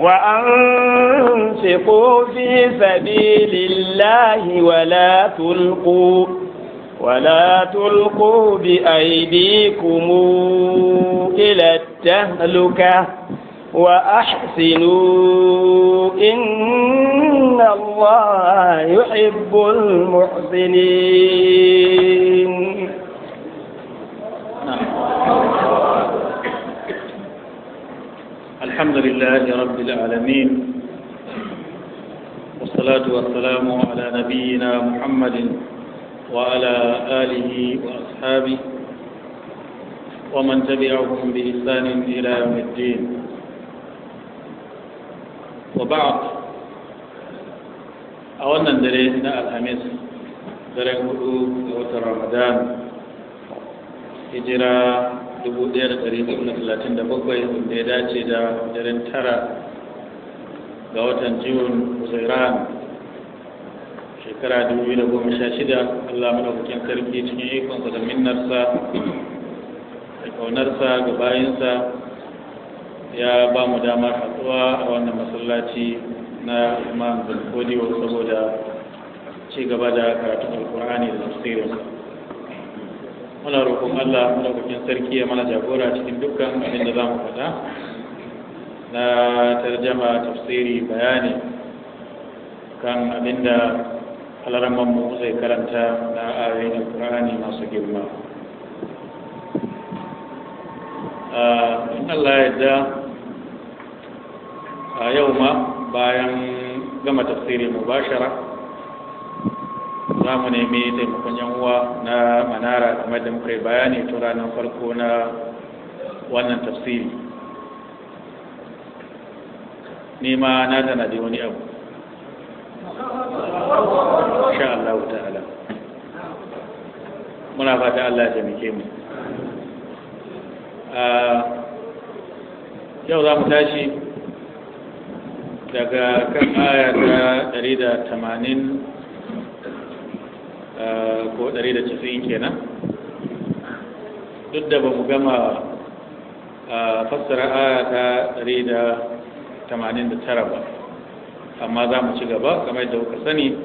وأنفقوا في سبيل الله ولا تلقوا ولا تلقوا بأيديكم إلى التهلكة وأحسنوا إن الله يحب المحسنين الحمد لله رب العالمين والصلاة والسلام على نبينا محمد وعلى آله وأصحابه ومن تبعهم بإحسان إلى يوم الدين وبعد أولا درينا الخميس درين هدوء رمضان هجرة dubu ɗaya da ɗari hudu na talatin da bakwai da ya dace da daren tara ga watan jiwon zairan shekara dubu biyu da goma sha shida allah madaukakin sarki cikin ikonsa da minnarsa da ƙaunarsa ga bayansa ya ba mu damar haɗuwa a wannan masallaci na imam zalkodiyo saboda ci gaba da karatun alkur'ani da tafsirinsa muna roƙon Allah madaukakin sarki ya mana jagora cikin dukkan abin da za mu faɗa na tarjama tafsiri bayani kan abin da halarman mu zai karanta na ayoyin Qur'ani masu girma in Allah ya yarda a yau ma bayan gama tafsiri mubashara za mu nemi taimakon yan uwa na manara kamar da muka yi bayani tun ranar farko na wannan tafsiri nema na tana da wani abu Sha Allah ta'ala muna fata Allah ya mike mu yau za mu tashi daga kan aya ta 180 ko 190 kenan duk da ba mu gama fassara aya ta 189 ba amma za mu ci gaba kamar yadda kuka sani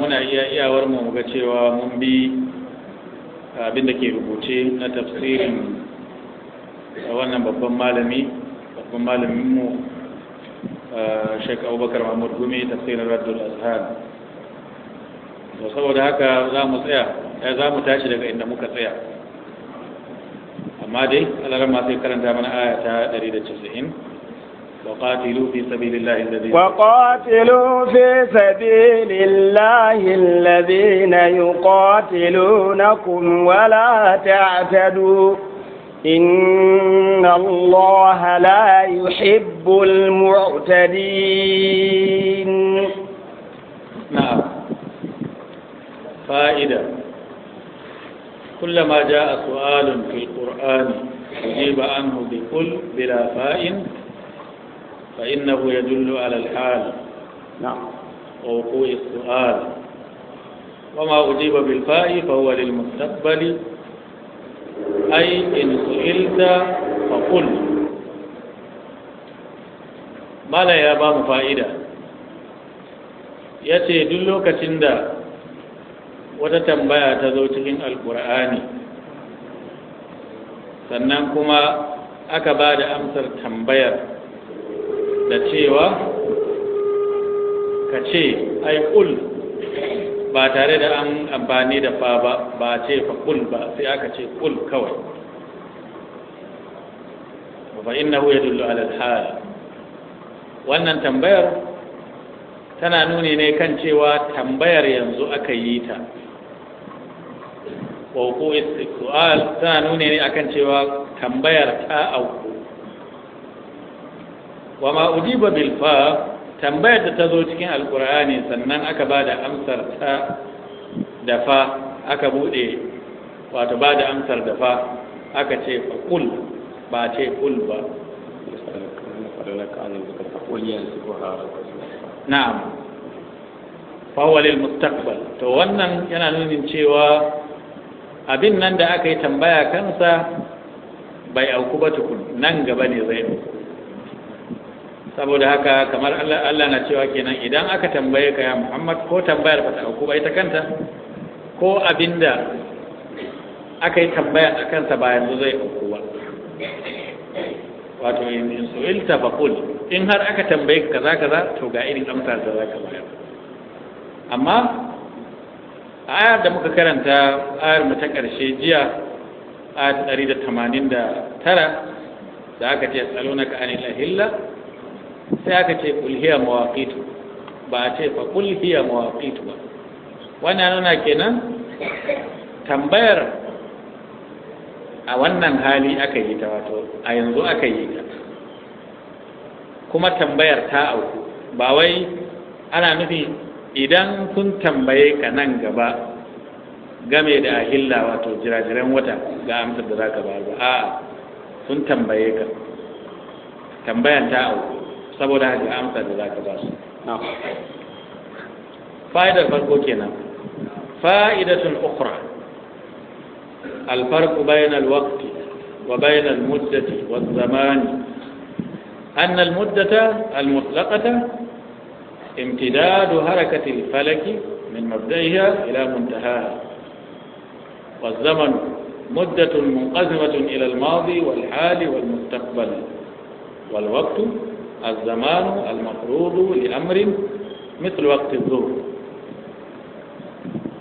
muna iya iyawar mu ga cewa mun bi abin da ke rubuce na tafsirin wannan babban malami babban malaminmu shek abubakar mahmud gumi tafsirin raddul azhar to saboda haka za mu tsaya ya za mu tashi daga inda muka tsaya amma dai alalar masu karanta mana aya ta 190 وقاتلوا في سبيل الله الذين وقاتلوا في سبيل الله الذين يقاتلونكم ولا تعتدوا إن الله لا يحب المعتدين نعم fa'ida kullama ja'a su'alun fil qur'ani ujiba anhu bi kul bila fa'in fa na yadullu dullo al na? na'am wa wuqu'i su'al wa ma ba bil fa'i fa huwa lil mustaqbali in su'ilta fa kul. mala ya ba mu fa'ida ce duk lokacin da wata tambaya ta zo cikin alkur'ani sannan kuma aka ba da amsar tambayar da cewa ka ce ai ƙul ba tare da an amfani da fa ba ba ce fa ƙul ba sai aka ce ƙul kawai ala hal wannan tambayar tana nuni ne kan cewa tambayar yanzu aka yi ta wa ko su'al ta nune ne akan cewa tambayar ta auku wa ma ujiba bil fa tambayar da ta zo cikin alqur'ani sannan aka ba da amsar ta da fa aka bude wato ba da amsar da fa aka ce fa kul ba ce kul ba na'am fa walil mustaqbal to wannan yana nunin cewa abin nan da aka yi tambaya kansa bai auku ba tukun nan gaba ne zai auku saboda haka kamar Allah na cewa kenan idan aka tambaye ka ya Muhammad ko tambayar ba ta auku ba ita kanta ko abinda aka yi tambaya a kansa ba yanzu zai auku ba wato in su'ilta faqul in har aka tambaye ka kaza kaza to ga irin amsar da ka bayar amma ayar da muka karanta ayar mu ta ƙarshe jiya ayar ɗari da tamanin da tara da aka ce ka anila hilla, sai aka ce kulhiya mawaƙitu ba a ce fa kulhiya mawaƙitu ba wannan nuna kenan tambayar a wannan hali aka yi ta wato a yanzu aka yi ta kuma tambayar ta auku ba wai ana nufi idan kun tambaye ka nan gaba game da ahilla wato jirajiran wata ga amsar da zaka ba a sun tambaye ka tambayan ta au saboda haka amsar da zaka ba su fa'idar farko kenan fa'idatun ukhra الفرق بين الوقت وبين المدة والزمان أن المدة المطلقة امتداد حركة الفلك من مبدئها إلى منتهاها والزمن مدة منقسمة إلى الماضي والحال والمستقبل والوقت الزمان المفروض لأمر مثل وقت الظهر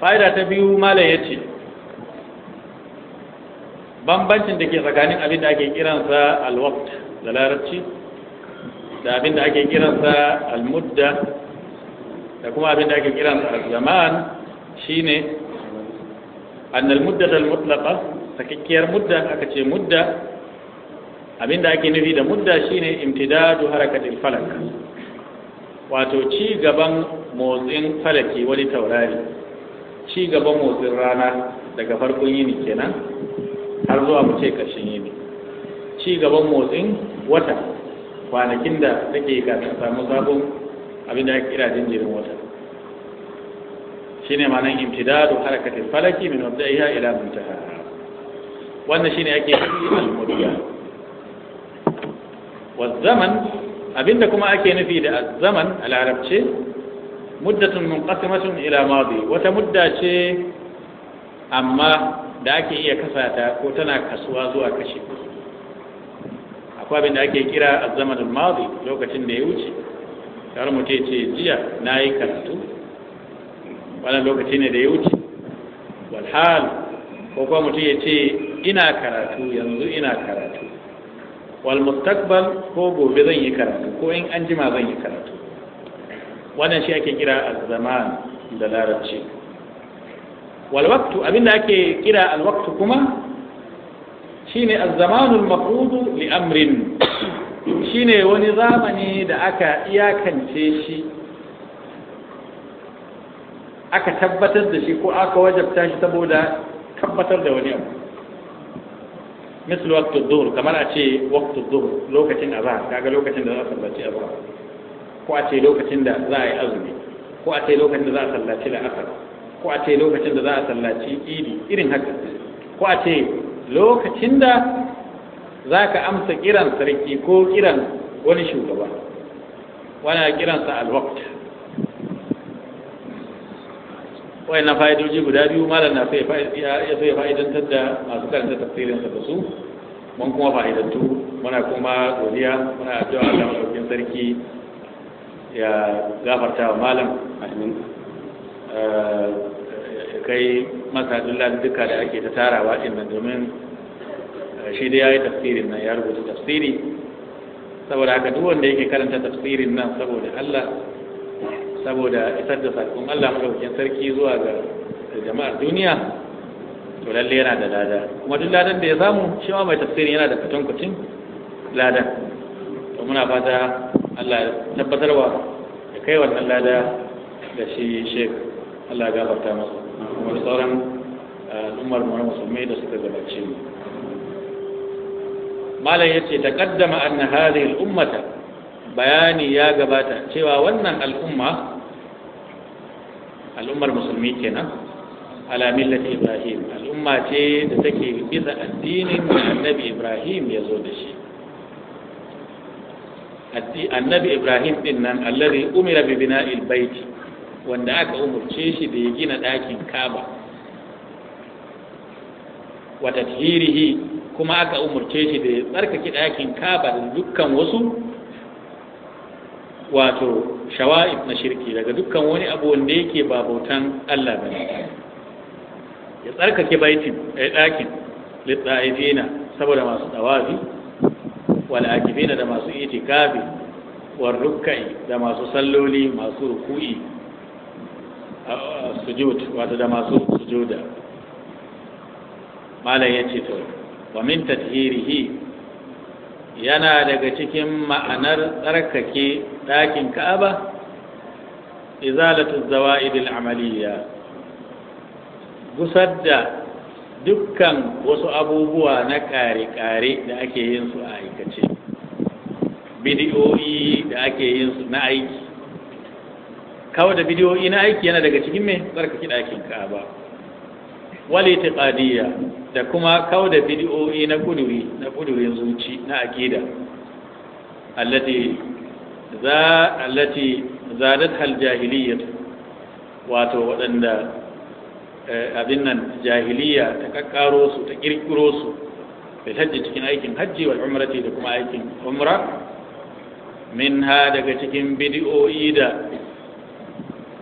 fa'ida ta ما لا ya ce bambancin سكانين ke tsakanin كيران da الوقت kiransa da abin da ake kiransa almudda da kuma abin da ake kiransa alzaman shine annal mudda al mutlaqa sakakkiyar mudda aka ce mudda abin da ake nufi da mudda shine imtidadu harakatil falak wato ci gaban motsin falaki wani taurari ci gaban motsin rana daga farkon yini kenan har zuwa mu ce ƙarshen yini ci gaban motsin wata kwanakin da take kafin a samu sabon abin da kira jinjirin wata shine ma'anar imtidadu harakatil falaki min mabda'iha ila muntaha wannan shine ake yi al-mudda wa zaman abinda kuma ake nufi da zaman a larabce muddatun munqasimatun ila madi wata mudda ce amma da ake iya kasata ko tana kasuwa zuwa kashi ko abin da ake kira zamanin madi lokacin da ya wuce kamar mutu ce ce jiya na yi karatu wannan lokaci ne da ya wuce walhal ko kuma mutum ya ce ina karatu yanzu ina karatu wal ko gobe zan yi karatu ko in an jima zan yi karatu wannan shi ake kira zaman da larabci walwaktu abinda ake kira alwaktu kuma shine azzamanul zamanul li amrin shine wani zamani da aka iyakance shi aka tabbatar da shi ko aka wajabta shi saboda tabbatar da wani abu misali waqtu dhuhr kamar a ce waqtu dhuhr lokacin azhar kaga lokacin da za a sallaci azhar ko a ce lokacin da za a yi azumi ko a ce lokacin da za a sallaci la'asar ko a ce lokacin da za a sallaci idi irin haka ko a ce lokacin da za ka amsa kiran sarki ko kiran wani shugaba wani kiransa alwakta wai na fa'idoji guda biyu malam na sai fa'idantar da masu karanta tafsirinsa da su mun kuma fa'idantu muna kuma godiya muna addu'a da masaukin sarki ya gafarta wa malam kai masadun duka da ake ta tarawa ɗin nan domin eh, shi dai ya yi tafsirin nan ya rubuta tafsiri saboda haka duk wanda yake karanta tafsirin nan saboda Allah saboda isar da sakon Allah madaukakin sarki zuwa ga jama'ar duniya to lalle yana da lada kuma duk ladan da ya samu shi ma mai tafsiri yana da kucin ladan to muna fata Allah ya tabbatarwa ya kai wannan lada da shi shek Allah ya gafarta masa kuma sauran eh, al'ummar mu musulmai da suka gabace mu malam yace taqaddama anna hadhihi al-ummata bayani ya gabata cewa wannan al'umma al'ummar musulmi kenan ala millati ibrahim al'umma ce da take bisa addinin annabi ibrahim ya zo da shi annabi ibrahim din nan allazi umira bi bina'il baiti wanda aka umurce shi da ya gina ɗakin kaba wata tahirihi kuma aka umurce shi da ya tsarkake ɗakin kaba da dukkan wasu wato shawa'ib na shirki daga dukkan wani abu wanda yake ba bautan Allah ba ya tsarkake baitin ɗaya eh, ɗakin litta'ifina saboda masu tsawafi wal'akifina da masu itikafi warrukai da masu salloli masu ruku'i sujud wato da masu sujuda malam ya ce to wa min tadhirihi yana daga cikin ma'anar tsarkake ɗakin ka'aba izalatu zawa'id amaliya amaliyya gusar da dukkan wasu abubuwa na kare-kare da ake yin su a aikace bidiyoyi da ake yin su na aiki kawo da bidiyoyi na aiki yana daga cikin mai tsarkake ɗakin ba wale tiqadiyya da kuma kawo da bidiyoyi na kuduwi na kuduwin zuci na aqida allati za allati zadat hal jahiliyyah wato waɗanda eh, abin nan jahiliya ta kakkaro su ta kirkiro su bai hajji cikin aikin hajji wal umrati da kuma aikin umra ha daga cikin bidiyoyi da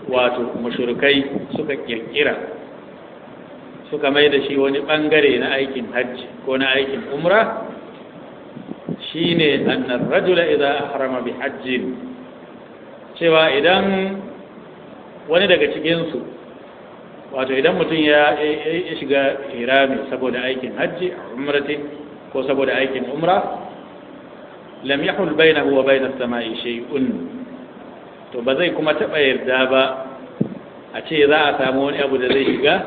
wato mushrikai suka kirkira suka mai da shi wani bangare na aikin hajji ko na aikin umra shine annar rajula idza ahrama bi hajjin cewa idan wani daga cikin su wato idan mutum ya shiga hirami saboda aikin hajji umratin ko saboda aikin umra lam yahul bainahu wa bainas sama'i shay'un to ba zai kuma taɓa yarda ba a ce za a samu wani abu da zai shiga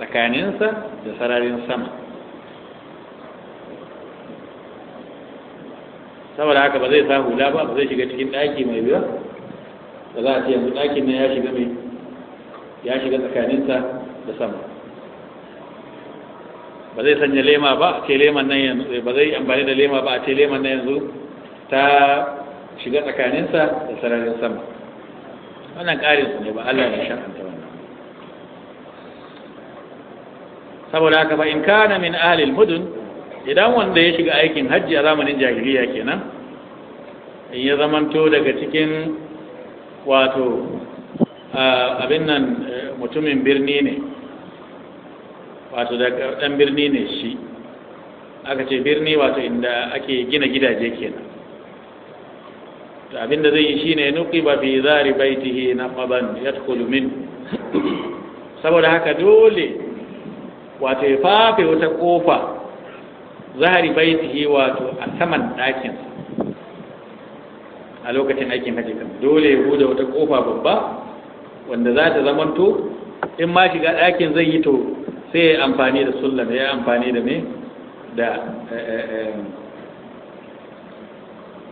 tsakaninsa da sararin sama saboda haka ba zai sa hula ba ba zai shiga cikin ɗaki mai biya da za a ce yanzu ɗakin nan ya shiga mai ya shiga tsakaninsa da sama ba zai sanya lema ba a ce leman nan yanzu ba zai amfani da lema ba a ce leman nan yanzu ta shiga tsakaninsa da sararin sama wannan ƙarin su ne ba Allah ne shar'anta wannan saboda haka fa in kana min ahlil mudun idan wanda ya shiga aikin hajji a zamanin jahiliya kenan in ya zamanto daga cikin wato abin nan eh, mutumin birni ne wato dan birni ne shi aka ce birni wato inda ake gina gidaje kenan to abinda zai yi shine ba fi zari baitihi naqaban yadkhulu min saboda haka dole wato ya fafe wata kofa zahari baitihi wato a saman ɗakin a lokacin aikin kan dole ya bude wata kofa babba wanda za ta to in ma shiga ɗakin zai yi to sai ya amfani da sullar ya amfani da me da eh, eh, eh,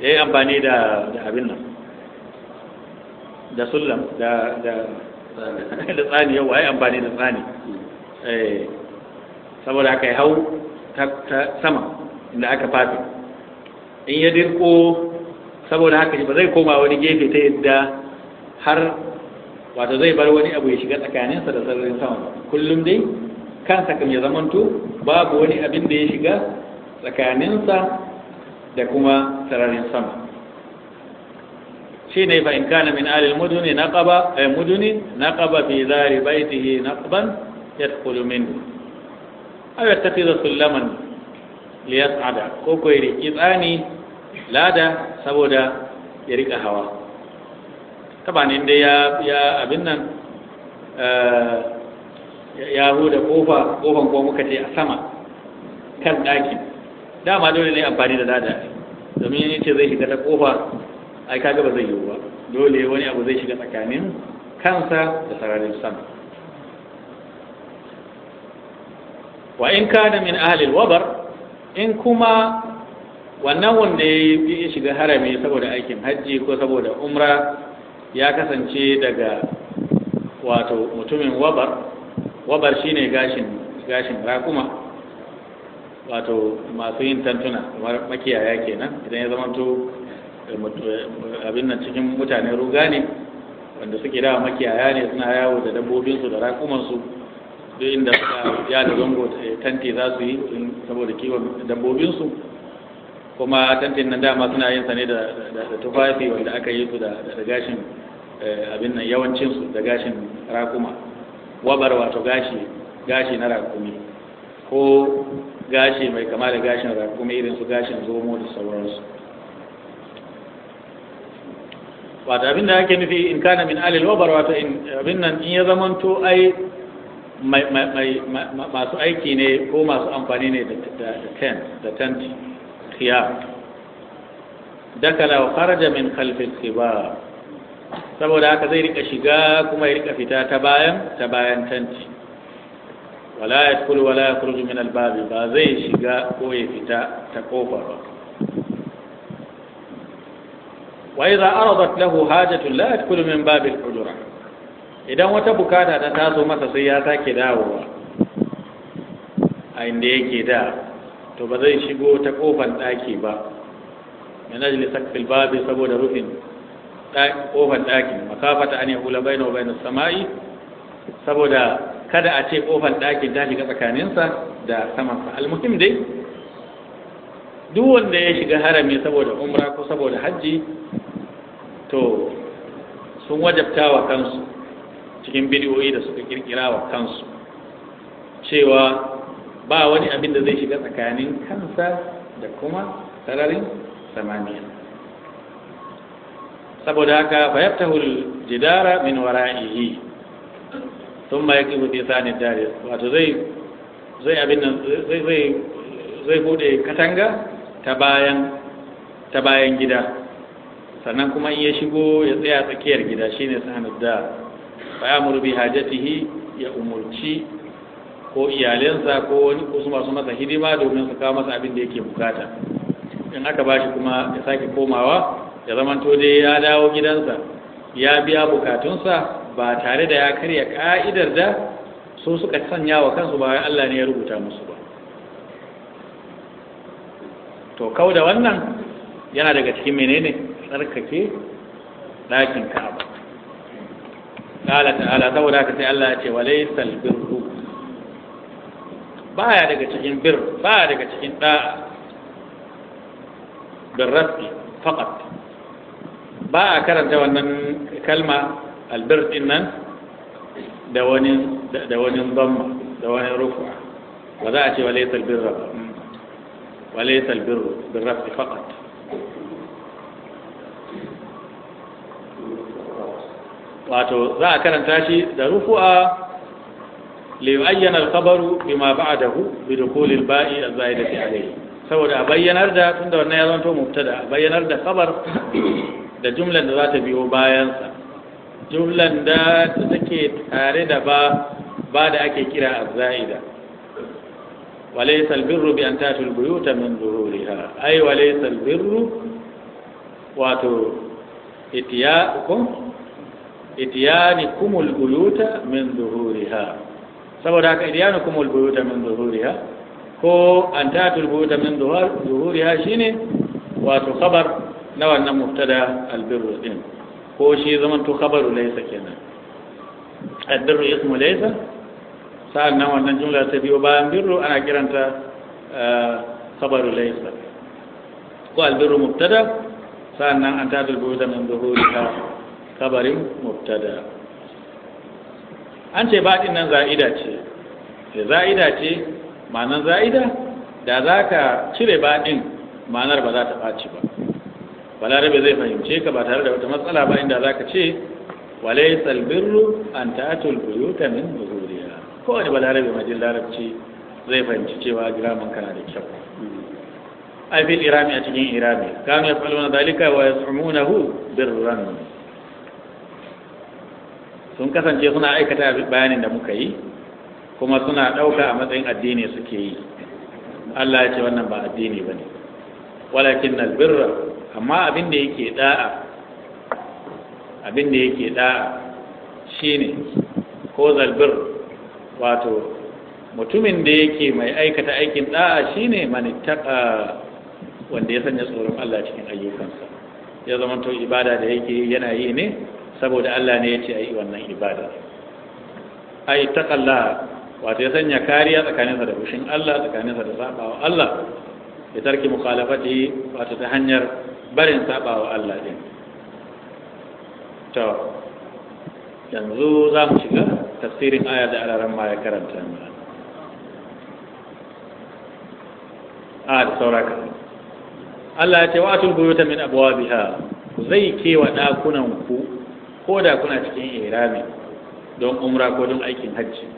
ya yi amfani da abin nan da sullam da tsani yau ya yi amfani da tsani eh, saboda aka yi hau ta sama inda aka fafi in ya dirko saboda haka ba zai koma wani gefe ta yadda har wato zai bar wani abu ya shiga tsakaninsa da sararin sama kullum dai kansa kan ya zamanto babu wani abin da ya shiga tsakaninsa da kuma sararin sama shi ne fa in kana min alil muduni naqaba ay eh, muduni naqaba fi zari baitihi naqban yadkhulu minhu aw laman sulaman liyas'ada ko ko yari tsani lada saboda ya rika hawa tabanin dai ya abin nan eh, ya da kofa kofan ko muka ce a sama kan ɗakin dama dole ne amfani da lada domin yin ce zai shiga ta kofa ai kaga ba zai yiwu ba dole wani abu zai shiga tsakanin kansa da sararin sama wa in kana min ahlil wabar in kuma wannan wanda ya shiga harami saboda aikin hajji ko saboda umra ya kasance daga wato mutumin wabar wabar shine gashin gashin rakuma wato masu yin tantuna kamar makiyaya kenan idan ya zamanto eh, eh, abin nan cikin mutane ruga ne wanda suke dawa makiyaya ne suna yawo da dabbobinsu da raƙumansu duk inda suka ya da zango eh, tanti za su yi saboda kiwon dabbobinsu kuma tantin nan dama suna yin sa ne da tufafi wanda aka yi su da gashin abin nan yawancinsu da gashin raƙuma wabar wato gashi gashi na raƙumi ko gashi mai kama da gashin kuma irin su gashin zomo da sauransu wata abin ake nufi in kana min alil wabar wata abin nan in ya zamanto ai masu aiki ne ko masu amfani ne da tenti khiyar dakala wa kharaja min khalfil khibar saboda haka zai rika shiga kuma ya rika fita ta bayan ta bayan tanti ولا يدخل ولا يخرج من الباب بازي شجاء كوي فتا تكوفا وإذا أرضت له حاجة لا يدخل من باب الحجرة إذا وتبكى تتاسو متى سياتا كداوة عند كدا تبازي شجاء تكوفا تاكيبا من أجل سقف الباب سبود رفن تاكوفا تاكيبا مخافة أن يقول بينه وبين السماء سبود kada a ce kofar ɗakin ta shiga tsakaninsa da samansa almuhim dai duk wanda ya shiga harami saboda umra ko saboda hajji to sun wajabta wa kansu cikin bidiyoyi da suka kirkira wa kansu cewa ba wani abin da zai shiga tsakanin kansa da kuma sararin samaniya saboda haka fayabtahul jidara min wara'ihi sun ma yake ya sani dare wato zai zai bude katanga ta bayan gida sannan kuma in ya shigo ya tsaya tsakiyar gida shine sani da fa ya'muru bi hajatihi ya umurci ko iyalensa ko wani ko su masu masa hidima domin su kawo masa abin da yake bukata in aka bashi kuma ya sake komawa ya zamanto dai ya dawo gidansa ya biya bukatunsa ba tare da ya karya ka'idar da su suka sanya wa kansu ba Allah ne ya rubuta musu ba to kau da wannan yana daga cikin menene tsarkake ɗakin ka'aba qala ta'ala saboda ka sai Allah ya ce walaysal birru baya daga cikin bir baya daga cikin Bin birrafi faqat ba a karanta wannan kalma albir din nan da wani da wani dhamma da wani rufa ba za a ce walaysa albirra walaysa bin birrafi faqat wato za a karanta shi da rufu'a liyayyan alkhabaru bima dahu ba'dahu bi dukhul alba'i az-zaidati alayhi saboda a bayyanar da tun da wannan ya zanto mubtada a bayyanar da khabar da jumlan da za ta biyo bayansa. jumlan da ta take tare da ba ba da ake kira azza'ida walaysa albirru bi an tatul buyuta min zuhuriha ay walaysa albirru wato itiyakum itiyanikum albuyuta min zuhuriha saboda haka itiyanikum albuyuta min zuhuriha ko an tatul buyuta min zuhuriha shine wato khabar na wannan mubtada albirru din ko shi zaman to khabaru laysa kenan addaru ismu laysa sa'an nan wannan jumla ta biyo bayan birru ana kiranta eh, khabaru laysa ko albirru mubtada sa'an nan an tadul buda min ta kabarin mubtada an ce baɗin nan za'ida ce za'ida ce ma'anar za'ida da za ka cire baɗin ma'anar ba za ta ɓaci ba balarabe zai fahimce ka ba tare da wata matsala ba inda ka ce walai albirru an ta'tul buyuta min Ko kowane balarabe mai jin larabci zai fahimci cewa giramin kana da kyau a fi irami a cikin irami kanu na dalika wa ya hu? birran sun kasance suna aikata bayanin da muka yi kuma suna ɗauka a matsayin addini suke yi Allah ya ce wannan ba addini ba ne walakin nalbirra amma abin da yake da'a abin da yake da'a shine ko zalbir wato mutumin da yake mai aikata aikin da'a shine manittaka wanda ya sanya tsoron Allah cikin ayyukansa ya zama to ibada da yake yana yi ne saboda Allah ne ya ce ayi wannan ibada ai taqalla wato ya sanya kariya tsakaninsa da fushin Allah tsakaninsa da sabawa Allah ya tarki mukhalafati wato ta hanyar barin wa Allah din to yanzu za mu shiga tafsirin aya da alaran ma ya karanta mana a ah, da sauraka Allah ya ce wa atul buyuta min abwabiha zai kewa dakunan ku ko da kuna cikin irami don umra ko don aikin hajji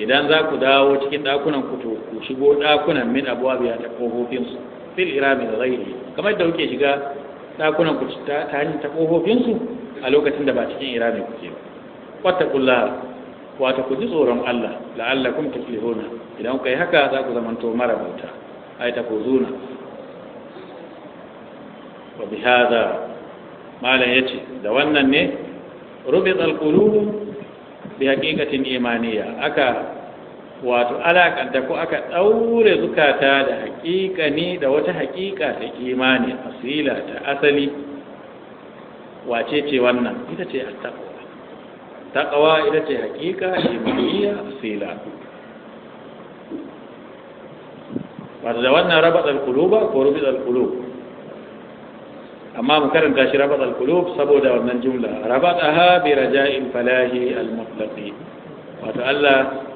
idan za ku dawo cikin dakunan ku to ku shigo dakunan min abwabiha ta kofofin su fil irami da ghairi kamar da kuke shiga dakunan ku ta hanyar ta kofofin su a lokacin da ba cikin irami kuke ba wattaqullah wata ku ji tsoron Allah la'allakum tuflihuna idan ku yi haka za ku zamanto marabauta ay zuna wa hada malam yace da wannan ne rubit alqulub bi haqiqatin imaniya aka wato alakanta ko aka ɗaure zukata da haƙiƙa ne da wata haƙiƙa ta imani asila ta asali wace ce wannan ita ce attaqwa taqwa ita ce haƙiƙa imaniya asila wato da wannan raba al ba ko rubat al amma mu karanta shi rabat al-qulub saboda wannan jumla rabataha bi raja'in falahi al-mutlaqi wato Allah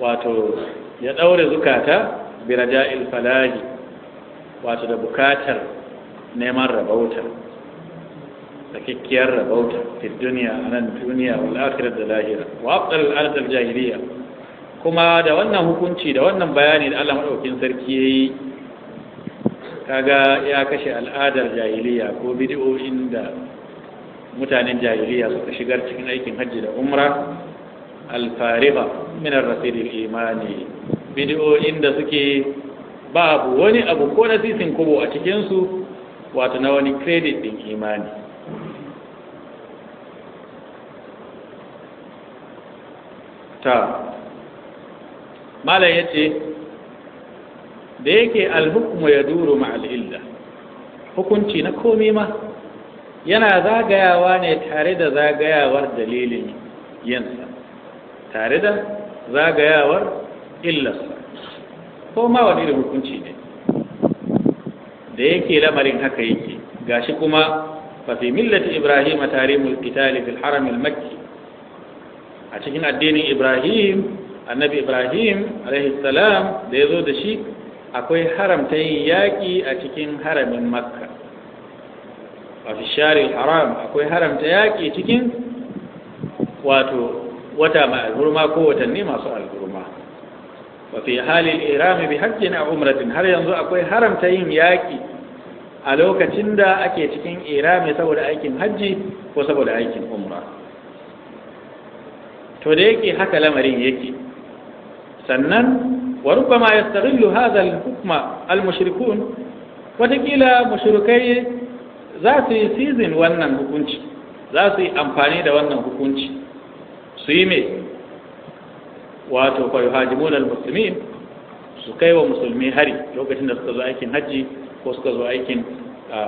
wato ya daure zukata bi raja'il falahi wato da bukatar neman rabauta da kikkiyar rabauta fi duniya a nan duniya wal akhirat da lahira wa afdal al al jahiliya kuma da wannan hukunci da wannan bayani da Allah madaukakin sarki yayi kaga ya kashe al'adar jahiliya ko bid'o'in da mutanen jahiliya suka shigar cikin aikin hajji da umra alfariha min rasil imani bid'o'in da suke babu wani abu ko na sisin kubo a cikinsu, su wato na wani credit din imani ta ya yace da yake al ya yaduru ma'al hukunci na komi ma yana zagayawa ne tare da zagayawar dalilin yinsa tare da zagayawar illarsa ko ma wani irin hukunci ne da yake lamarin haka yake gashi kuma fa fi millati ibrahim tarimul qitali fil haram al makki a cikin addinin ibrahim annabi ibrahim alaihi salam da yazo da shi akwai haramta yin yaki a cikin haramin makka wa fi sharil haram akwai haramta yaki cikin wato wata ma alhurma ko watanni masu alhurma wa fi halil irami bi haqqin a umratin har yanzu akwai haramta yin yaƙi a lokacin da ake cikin irami saboda aikin hajji ko saboda aikin umra to da yake haka lamarin yake sannan wa rubbama yastaghillu hadha al-hukma al-mushrikun watakila mushrikai za su yi season wannan hukunci za su yi amfani da wannan hukunci su yi mai wato fa yuhajimuna almuslimin su kai wa musulmi hari lokacin da suka zo aikin hajji ko suka zo aikin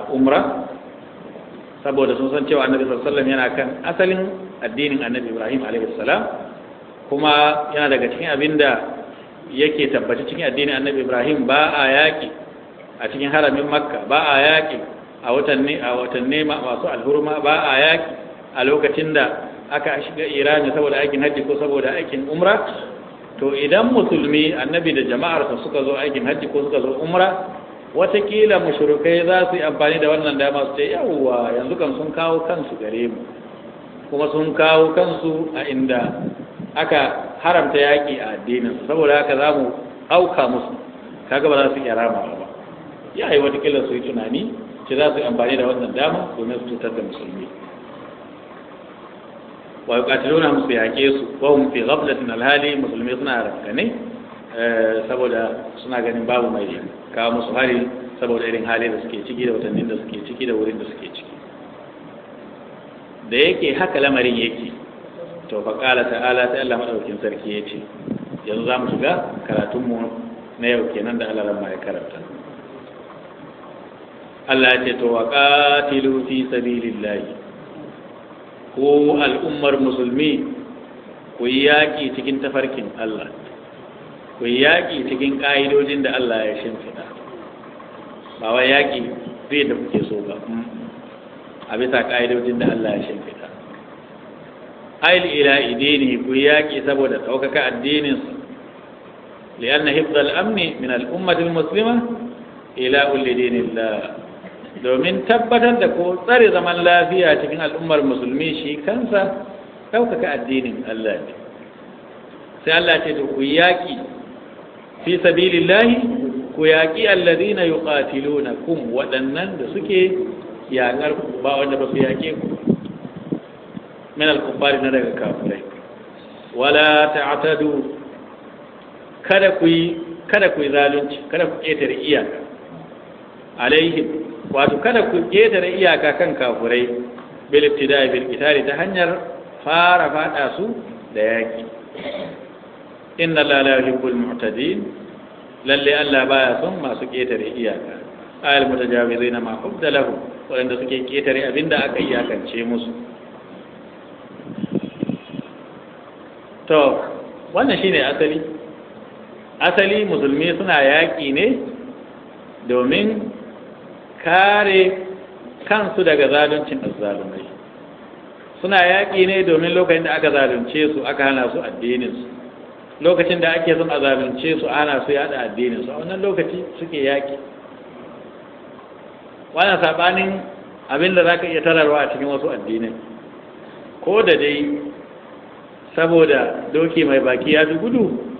umra saboda sun san cewa annabi sallallahu alaihi yana kan asalin addinin annabi Ibrahim alaihi salam kuma yana daga cikin abinda yake tabbaci cikin addinin annabi Ibrahim ba a yaki a cikin haramin Makka ba a yaki a watanni a watanni masu alhurma ba a yaki a lokacin da aka shiga irani saboda aikin hajji ko saboda aikin umra to idan musulmi annabi da jama'arsa suka zo aikin hajji ko suka zo umra watakila mushrikai za su yi amfani da wannan dama su ce yawwa yanzu kan sun kawo kansu gare mu kuma sun kawo kansu a inda aka haramta yaƙi a addinin saboda haka za mu auka musu kaga ba za su iya rama ba ya yi watakila su yi tunani ce za su yi amfani da wannan dama domin su cutar da musulmi wa yuqatiluna hum yake su wa hum fi ghaflatin alhali musulmi suna rakkane eh, saboda suna ganin babu mai ka musu hari saboda irin hali da suke ciki da watannin da suke ciki da wurin da suke ciki da yake haka lamarin yake to fa qala ta'ala sai Allah madaukin sarki yace yanzu za mu shiga karatun mu na yau kenan da Allah ran ya karanta Allah ya ce to wa qatilu fi sabilillahi ko al'ummar musulmi ku yi yaƙi cikin tafarkin Allah ku yi yaƙi cikin ƙa'idojin da Allah ya shimfiɗa ba wai yaƙi zai da kuke so ba a bisa ƙa'idojin da Allah ya shimfiɗa ayil ila idini ku yi yaƙi saboda ɗaukaka addininsu li'anna hifdal amni min al'ummatil muslima ila ulli dinillah domin tabbatar da ko tsare zaman lafiya cikin al'ummar musulmi shi kansa ɗaukaka addinin Allah ne sai Allah ce ku yaƙi fi sabilillahi ku yaƙi alladhina yuqatilunakum waɗannan da suke yaƙar ba wanda ba su yaƙe ku min al na daga kafirai wala ta'tadu kada ku kada ku yi zalunci kada ku ƙetare iyaka alaihim wato kada ku ƙetare iyaka kan kafurai bil ibtida'i bil itali ta hanyar fara fada su da yaki inna la la yuhibbul mu'tadin lalle Allah baya son masu ƙetare iyaka ayal mutajawizina ma hubda lahu waɗanda suke ƙetare abinda aka iyakance musu to wannan shine asali asali musulmi suna yaƙi ne domin kare kansu daga zaluncin azzalumai suna yaƙi ne domin lokacin da aka zalunce su aka hana su addininsu lokacin da ake son a zalunce su ana su yada addininsu a wannan lokaci suke yaƙi wannan saɓanin abin da za ka iya tararwa a cikin wasu addinai ko da dai saboda doki mai baki ya fi gudu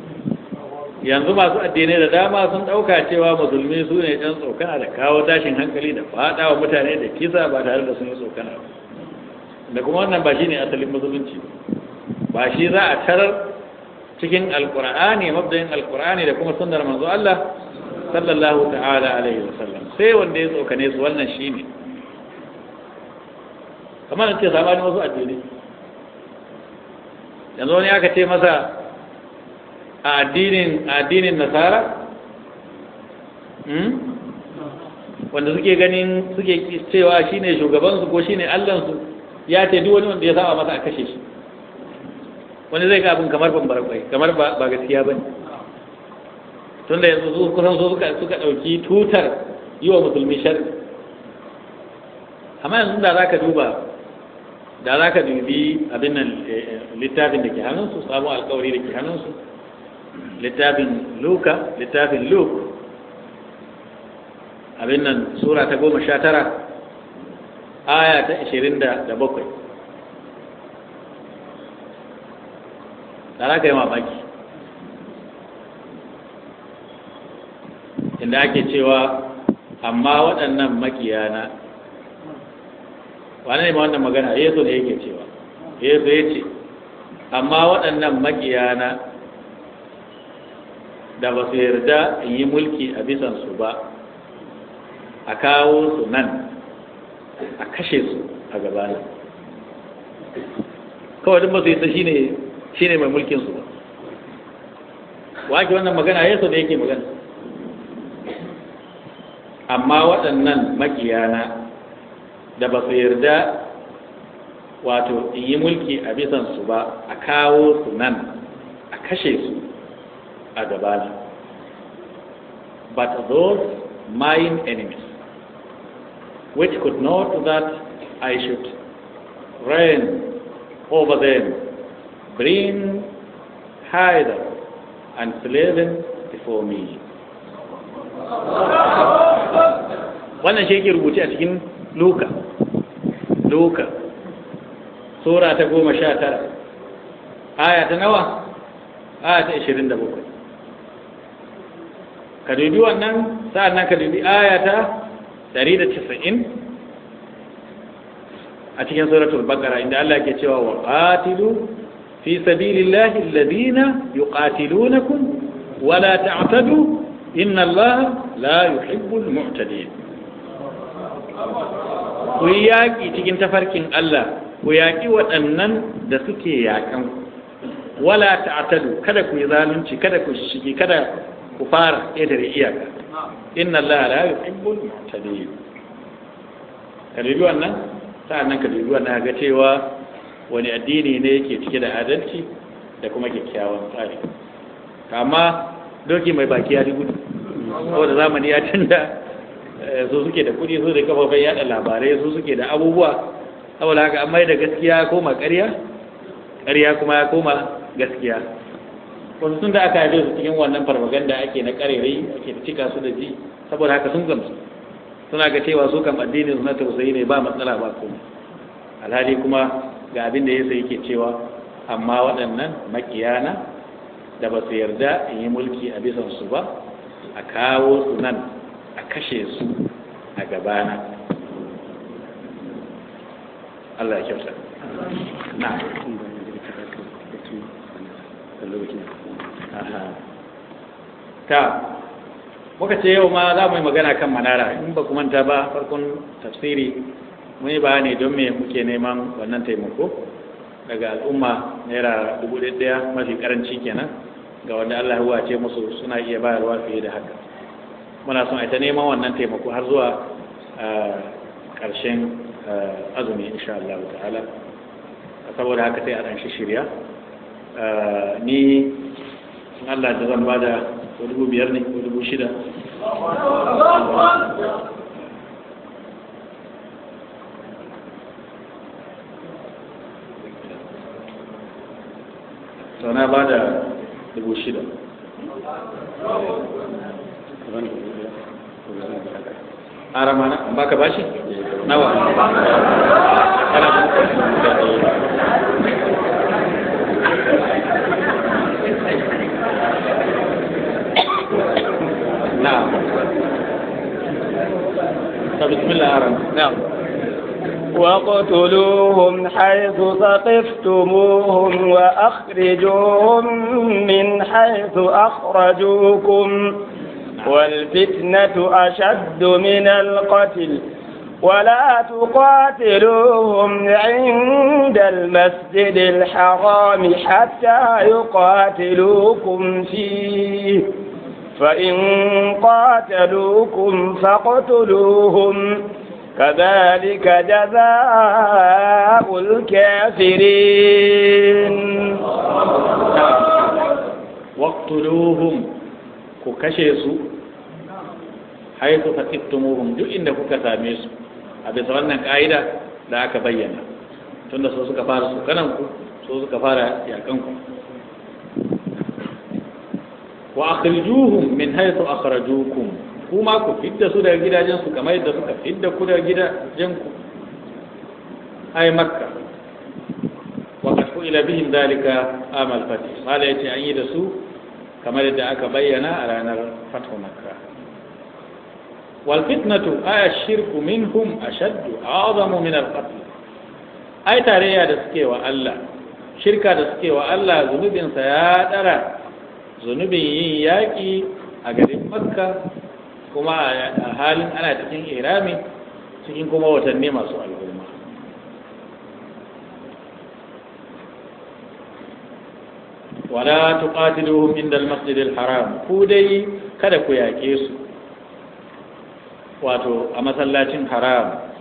yanzu masu addinai da dama sun ɗauka cewa musulmi su ne ɗan tsokana da kawo tashin hankali da faɗa wa mutane da kisa ba tare da sun yi tsokana da kuma wannan ba shi ne asalin musulunci ba shi za a tarar cikin alkur'ani mabdayin alkur'ani da kuma sunnar manzo Allah sallallahu ta'ala alaihi sallam sai wanda ya tsokane su wannan shi ne kamar ce sabanin wasu addinai yanzu wani aka ce masa a addinin addinin nasara hmm? wanda suke ganin suke cewa shine shugabansu ko shine allansu ya ce duk wani wanda ya saba masa a kashe shi wani zai ga abin kamar ban kwai kamar ba gaskiya bane tunda yanzu su kusan so suka suka dauki tutar yi wa musulmi shar amma yanzu da zaka duba da zaka dubi abin nan eh, eh, littafin da ke hannunsu samun alkawari da ke hannunsu littafin luka littafin luk abin nan sura ta goma sha tara aya ta ashirin da bakwai tsara ka yi mamaki inda ake cewa amma waɗannan makiyana wane ne ma wannan magana yesu ne yake cewa yesu ya ce amma waɗannan makiyana da ba su yarda in yi mulki a bisansu ba a kawo su nan a kashe su a gabanin kawai duk ba su yi ta shi ne mai mulkin su ba wa wannan magana ya yesu da yake magana amma waɗannan makiyana da ba su yarda wato in yi mulki a bisansu ba a kawo su nan a kashe su a gabana but those mine enemies which could not that I should reign over them bring hither and slay them before me wannan shi yake rubuce a cikin luka luka sura ta goma sha tara aya ta nawa aya ta ishirin da bakwai ka dubi wannan sa'annan ka dubi ayata 190 a cikin suratul baqara inda Allah yake cewa wa qatilu fi sabilillahi alladhina yuqatilunakum wa la ta'tadu inna Allah la yuhibbul mu'tadin ku yaƙi cikin tafarkin Allah ku yaƙi waɗannan da suke yaƙan wala ta'tadu kada ku yi zalunci kada ku shige kada ku fara ƙetare iyaka inna Allah la ta mu'tadin ka dubi wannan nan ka dubi wannan ga cewa wani addini ne yake cike da adalci da kuma kyakkyawan tsari amma doki mai baki ya gudu saboda zamani ya canza eh, su suke da kuɗi su da kafafen yada labarai su suke da abubuwa saboda haka an mai da gaskiya koma ƙarya ƙarya kuma ya koma gaskiya wasu sun da aka haife su cikin wannan farfaganda ake na karerai ake da cika su da ji saboda haka sun gamsu suna ga cewa su kan su na tausayi ne ba matsala ba ko alhali kuma ga abin da yasa yake cewa amma waɗannan makiyana da ba su yarda in yi mulki a bisan su ba a kawo su nan a kashe su a gabana Allah ya kyauta na lokacin ta muka ce yau ma za mu yi magana kan manara in ba kuma ta ba farkon tafsiri mun yi bayani don me muke neman wannan taimako daga al'umma naira dubu ɗaya mafi karanci kenan ga wanda Allah ya ce musu suna iya bayarwa fiye da haka muna son ita neman wannan taimako har zuwa ah, ƙarshen ah, azumi insha Allah ta'ala saboda haka sai a ɗan shirya ah, ni in Allah da zan bada ko dubu biyar ne ko dubu shida sana ba da dubu shida a ramana ba ka bashi nawa kana نعم فبسم الله الرحمن نعم واقتلوهم حيث ثقفتموهم وأخرجوهم من حيث أخرجوكم والفتنة أشد من القتل ولا تقاتلوهم عند المسجد الحرام حتى يقاتلوكم فيه فإن قاتلوكم فاقتلوهم كذلك جزاء الكافرين واقتلوهم ككشيسوا حيث فكبتموهم دو إنك كثاميسوا أبي سوالنا قائدة لا أكبينا تندسوا سكفار سكنانكم سوزك فارا يا كنكم wa akhrijuhum min haythu akhrajukum kuma ku fidda su daga gidajen su kamar yadda suka fidda ku daga gidajen ku ai makka wa qad fu'ila bihim dhalika amal fath mala yace an yi da su kamar yadda aka bayyana a ranar fathu makka wal fitnatu ay ashirku minhum ashaddu a'zamu min al qatl ai tarayya da suke wa Allah shirka da suke wa Allah zunubinsa ya dara zunubin yin yaƙi a garin makka kuma a halin ana cikin irami cikin kuma watanni masu al'umma wala tuqatiluhum inda al haram ku dai kada ku yaƙe su wato a masallacin haram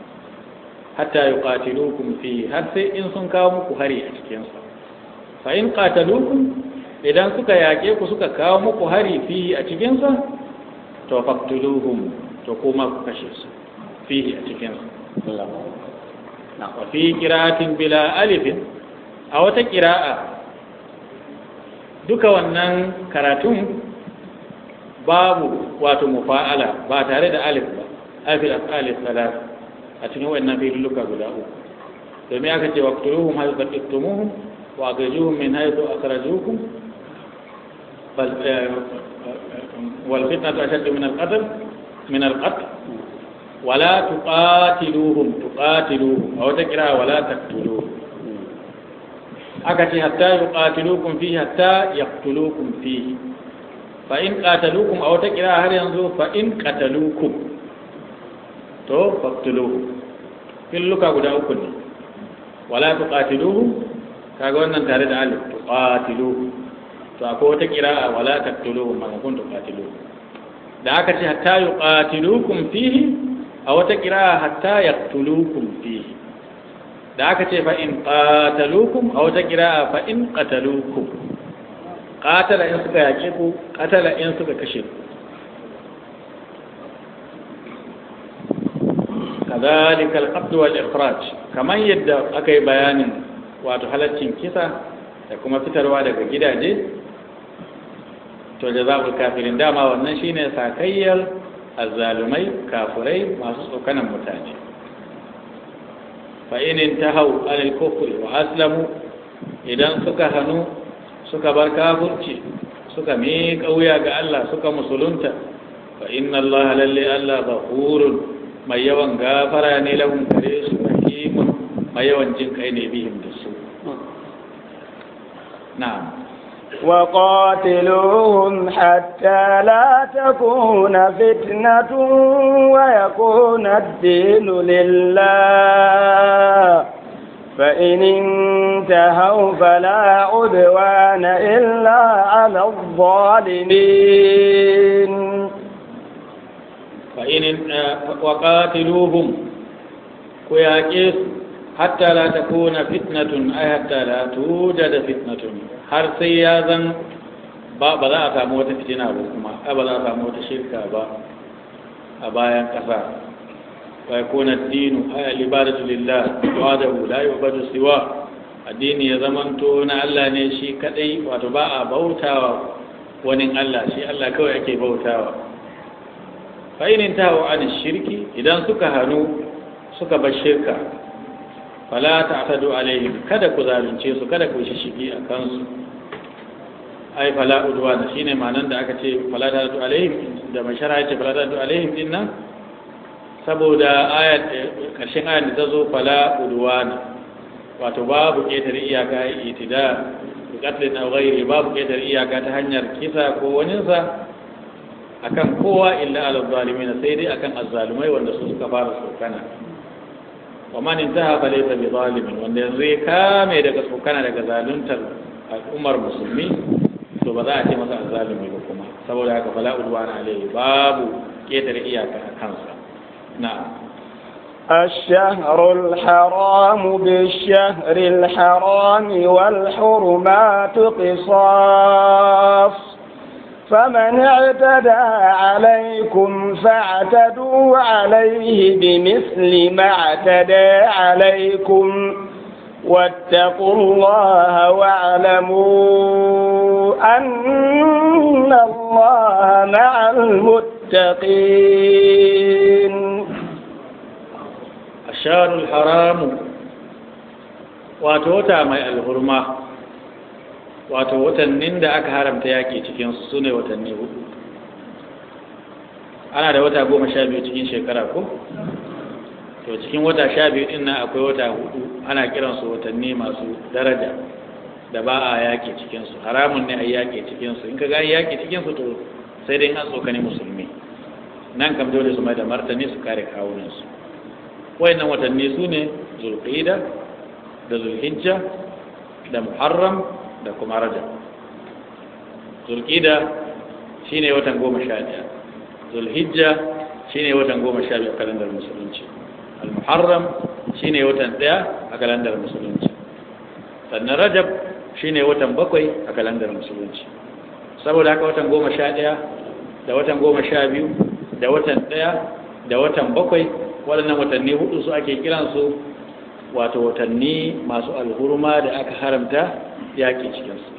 hatta yuqatilukum fi har sai in sun kawo muku hari a cikin sa fa in qatalukum idan suka yaƙe ku suka kawo muku hari fihi a cikinsa to faktuluhum to kuma ku kashe su fihi a cikinsa na wafi kiratin bila alifin a wata kira'a duka wannan karatun babu wato mufa'ala ba tare da alif ba alif alif salat a cikin wannan luka guda uku domin aka ce wa quluhum hal taqtumuhum wa akhrijuhum min haythu akhrajukum بل والفتنة أشد من القتل من القتل ولا تقاتلوهم تقاتلوهم أو تكرا ولا تقتلوهم أكتي حتى يقاتلوكم فيه حتى يقتلوكم فيه فإن قاتلوكم أو تكرا هل ينظر فإن قتلوكم تو فاقتلوهم كلك غدا أكل ولا تقاتلوهم كاغونا تارد عليك تقاتلوهم to akwai wata a wala taqtuluhum ma to qatiluhum da aka ce hatta yuqatilukum fihi a wata a hatta yaqtulukum fihi da aka ce fa in qatalukum a wata qira'a fa in qatalukum qatala in suka yake ku qatala in suka kashe ku كذلك القبض والإخراج كما يدى أكي بيان halaccin كيسا da kuma fitarwa daga gidaje to jazabul kafirin dama wannan shine sakayyar azzalumai kafurai masu tsokanan mutane fa in intahu alil kufri wa aslamu idan suka hanu suka bar kafurci, suka miƙa wuya ga Allah suka musulunta fa inna Allah lalle Allah ghafurun mai yawan gafara ne lahum kare su hakimun mai yawan jin kai ne bihim da su na'am وقاتلوهم حتى لا تكون فتنة ويكون الدين لله فإن انتهوا فلا عدوان إلا على الظالمين فإن آه، وقاتلوهم كياكيس hatta la takuna fitnatun ai hatta la tujada fitnatun har sai ya zan ba ba za a samu wata fitina ba kuma ba za a samu wata shirka ba a bayan kasa wa yakuna ai dinu Su al-ibadatu lillah wahdahu la yu'badu siwa addini ya zamanto na Allah ne shi kaɗai, wato ba a bautawa wani Allah shi Allah kawai ake bautawa Fainin in tawo an shirki idan suka hannu suka bar shirka fala ta tado alaihim kada ku zalunce su kada ku shishigi a kansu ai fala da shine ma'anar da aka ce fala tado alaihim da mai shara ya ce fala tado alaihim din nan saboda ayat karshen ayat da ta zo fala udwana wato babu ketare iyaka itida bi qatlin aw ghairi babu ketare iyaka ta hanyar kisa ko waninsa akan kowa illa al-zalimin sai dai akan azzalumai wanda su suka fara sokana wa man intaha fa laysa bi zalimin wanda yanzu ya kame daga tsokana daga zaluntar al'ummar musulmi to ba za a ce masa zalimi ba kuma saboda haka fala udwana alayhi babu ketare iyaka a kansa na'am الشهر الحرام بالشهر الحرام والحرمات قصاص فمن اعتدى عليكم فاعتدوا عليه بمثل ما اعتدى عليكم واتقوا الله واعلموا أن الله مع المتقين الشهر الحرام واتوتا ما الغرمه wato watannin da aka haramta yaƙi cikinsu su ne watanni hudu ana da wata goma sha biyu cikin shekara ko to cikin wata sha biyu din nan akwai wata hudu ana kiransu watanni masu daraja da ba a yaƙi cikinsu haramun ne a yaƙi cikinsu in ka ga yaƙi cikinsu to sai dai an tsokani musulmi nan kam dole su mai da martani su kare kawunansu wayannan watanni su ne zulqa'ida da zulhijja da muharram da kuma raja zulkida shi ne watan goma sha ɗaya zulhijja shi ne watan goma sha biyu a kalandar musulunci almuharram shi ne watan ɗaya a kalandar musulunci sannan rajab shi ne watan bakwai a kalandar musulunci saboda haka watan goma sha ɗaya da watan goma sha biyu da watan ɗaya da watan bakwai waɗannan watanni hudu su ake kiransu wato watanni masu alhurma da aka haramta yaƙi cikinsu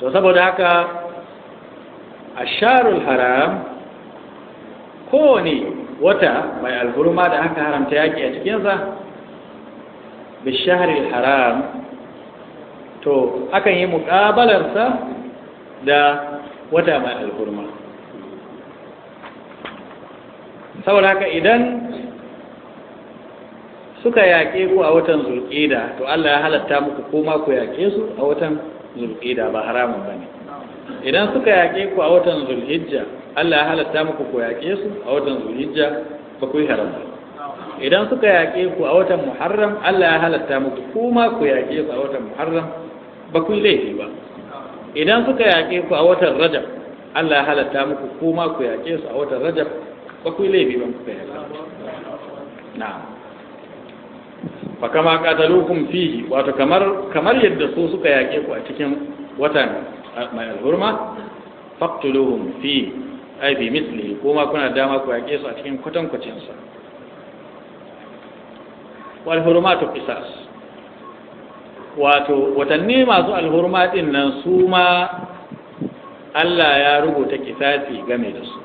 to saboda haka a sharul haram kowane wata mai alburma da aka haramta yaƙi a cikinsa bisharil haram to akan yi muƙabalarsa da wata mai alburma, saboda haka idan suka yaƙe ku a watan zulƙida to Allah ya halatta muku ma ku yaƙe su a watan zulƙida ba haramun ba ne idan suka yaƙe ku a watan zulhijja Allah ya halatta muku ku yaƙe su a watan zulhijja ba ku yi haram ba idan suka yaƙe ku a watan muharram Allah ya halatta muku ma ku yaƙe su a watan muharram ba ku yi laifi ba idan suka yaƙe ku a watan rajab Allah ya halatta muku ma ku yaƙe su a watan rajab ba ku yi laifi ba ku kai na'am fa kama qataluhum fihi wato kamar kamar yadda su suka yake ku a cikin watan mai alhurma faqtuluhum fi ai bi misli kuma kuna dama ku yake su a cikin kwatan kwacin sa wal hurumatu qisas wato watanni masu alhurma din nan su ma Allah ya rubuta kisasi game da su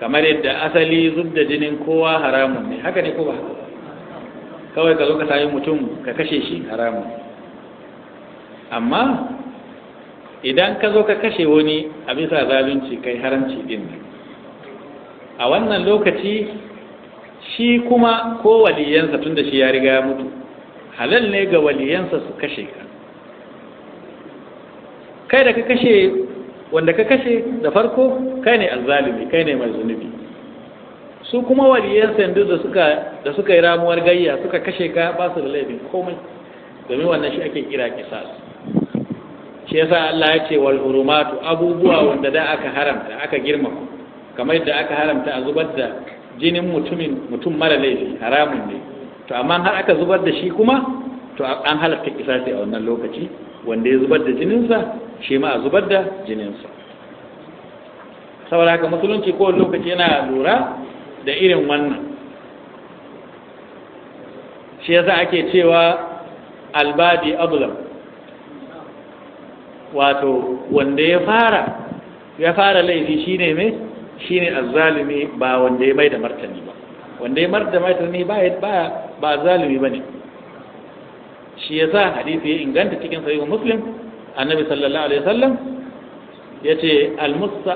kamar yadda asali zubda jinin kowa haramun ne haka ne ko ba kawai ka zo ka sami mutum ka kashe shi haramun amma idan ka zo ka kashe wani a bisa zalunci kai haramci din a wannan lokaci shi kuma ko waliyansa tunda shi ya riga mutu halal ne ga waliyansa su kashe ka kai da ka kashe wanda ka kashe da farko kai ne alzalimi kai ne mai zunubi su kuma waliyan sandu da suka yi ramuwar gayya suka kashe ka ba su da laifin komai domin wannan shi ake kira kisas shi yasa Allah ya ce wal hurumatu abubuwa wanda da aka haramta aka girma kamar yadda aka haramta a zubar da jinin mutumin mutum mara laifi haramun ne to amma har aka zubar da shi kuma to an halatta kisasi a wannan lokaci wanda ya zubar da jininsa shi ma a zubar da jininsa saboda haka musulunci kowane lokaci yana lura da irin wannan shi yasa ake cewa albadi ablam wato wanda ya fara ya fara laifi shine me shine azzalimi ba wanda ya mai da martani ba wanda ya marta da martani ba ba ba zalimi bane shi yasa hadisi ya inganta cikin sahih muslim annabi sallallahu alaihi wasallam yace